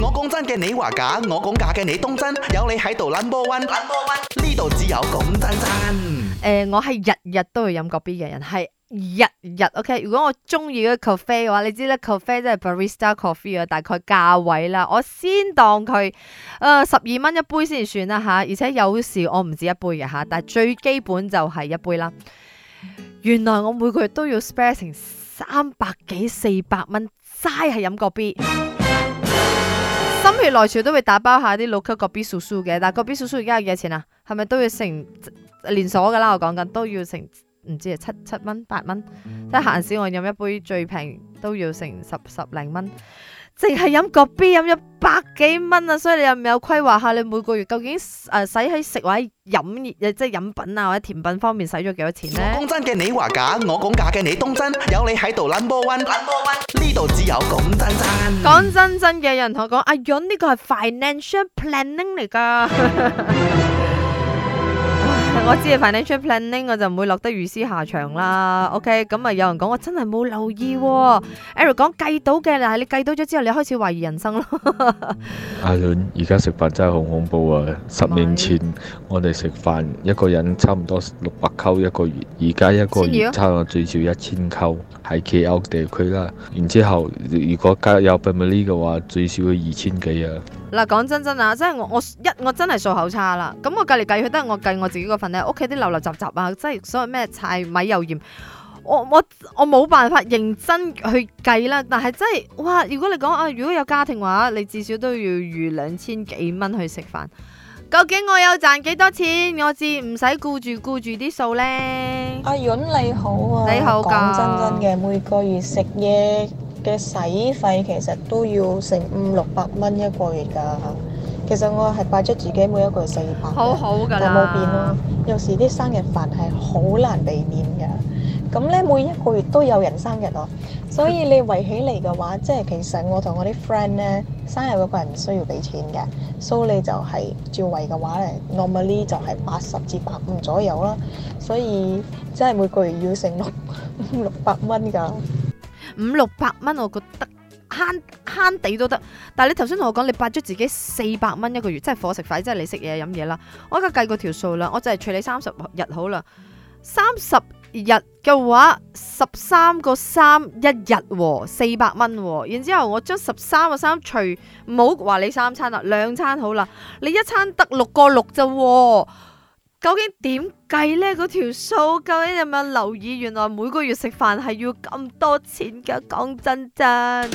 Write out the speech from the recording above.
我講真嘅，你話假；我講假嘅，你當真。有你喺度，number one，number one，呢度只有講真真。誒、 呃，我係日日都要飲個 B 嘅人，係日日。OK，如果我中意嗰個 cafe 嘅話，你知啦，cafe 真係 barista coffee 啊，大概價位啦，我先當佢誒十二蚊一杯先算啦吓。而且有時我唔止一杯嘅吓，但係最基本就係一杯啦。原來我每個月都要 spare 成三百幾四百蚊，齋係飲個 B。心血來潮都會打包下啲 local 嗰邊叔叔嘅，但係嗰邊叔叔而家有幾多錢啊？係咪都要成連鎖噶啦？我講緊都要成唔知係七七蚊八蚊，嗯、即係閒時我飲一杯最平都要成十十零蚊。淨係飲個 B 飲咗百幾蚊啊！所以你有唔有規劃下你每個月究竟誒使喺食或者飲，即係飲品啊或者甜品方面使咗幾多錢呢？我講真嘅，你話假，我講假嘅，你當真。有你喺度 number one，number one 呢度，只有講真真。講真真嘅人同我講，阿、啊、呀，呢個係 financial planning 嚟噶。 我知係 financial planning，n 我就唔會落得如斯下場啦。OK，咁啊有人講我真係冇留意、哦、，Eric 講計到嘅，但係你計到咗之後，你開始懷疑人生咯。阿倫而家食飯真係好恐怖啊！是十年前我哋食飯一個人差唔多六百扣一個月，而家一個月差唔多最少一千扣萬，喺 KL 地區啦。然之後如果加有 family 嘅話，最少要二千幾啊。嗱，講真真啊，真係我我一我真係數口差啦。咁我計嚟計去，都係我計我自己嗰份咧。屋企啲流流雜雜啊，即係所謂咩柴米油鹽，我我我冇辦法認真去計啦。但係真係，哇！如果你講啊，如果有家庭嘅話，你至少都要預兩千幾蚊去食飯。究竟我有賺幾多錢？我至唔使顧住顧住啲數呢？阿允、啊、你好啊，你好、啊。咁真真嘅，每個月食嘢嘅洗費其實都要成五六百蚊一個月噶其實我係慣咗自己每一個月四百，好好噶有冇變咯。有時啲生日飯係好難避免嘅，咁咧每一個月都有人生日哦，所以你圍起嚟嘅話，即係其實我同我啲 friend 咧生日嗰個係唔需要俾錢嘅，所以你就係、是、照圍嘅話咧，normally 就係八十至百五左右咯，所以即係每個月要成六五六百蚊噶。五六百蚊，500，我覺得慳慳地都得。但係你頭先同我講，你八咗自己四百蚊一個月，即係伙食費，即係你食嘢飲嘢啦。我而家計過條數啦，我就係除你三十日好啦。三十日嘅話，十三個三一日四百蚊，然之後我將十三個三除，唔好話你三餐啦，兩餐好啦，你一餐得六個六啫。究竟點計呢？嗰條數究竟有冇留意？原來每個月食飯係要咁多錢㗎，講真真。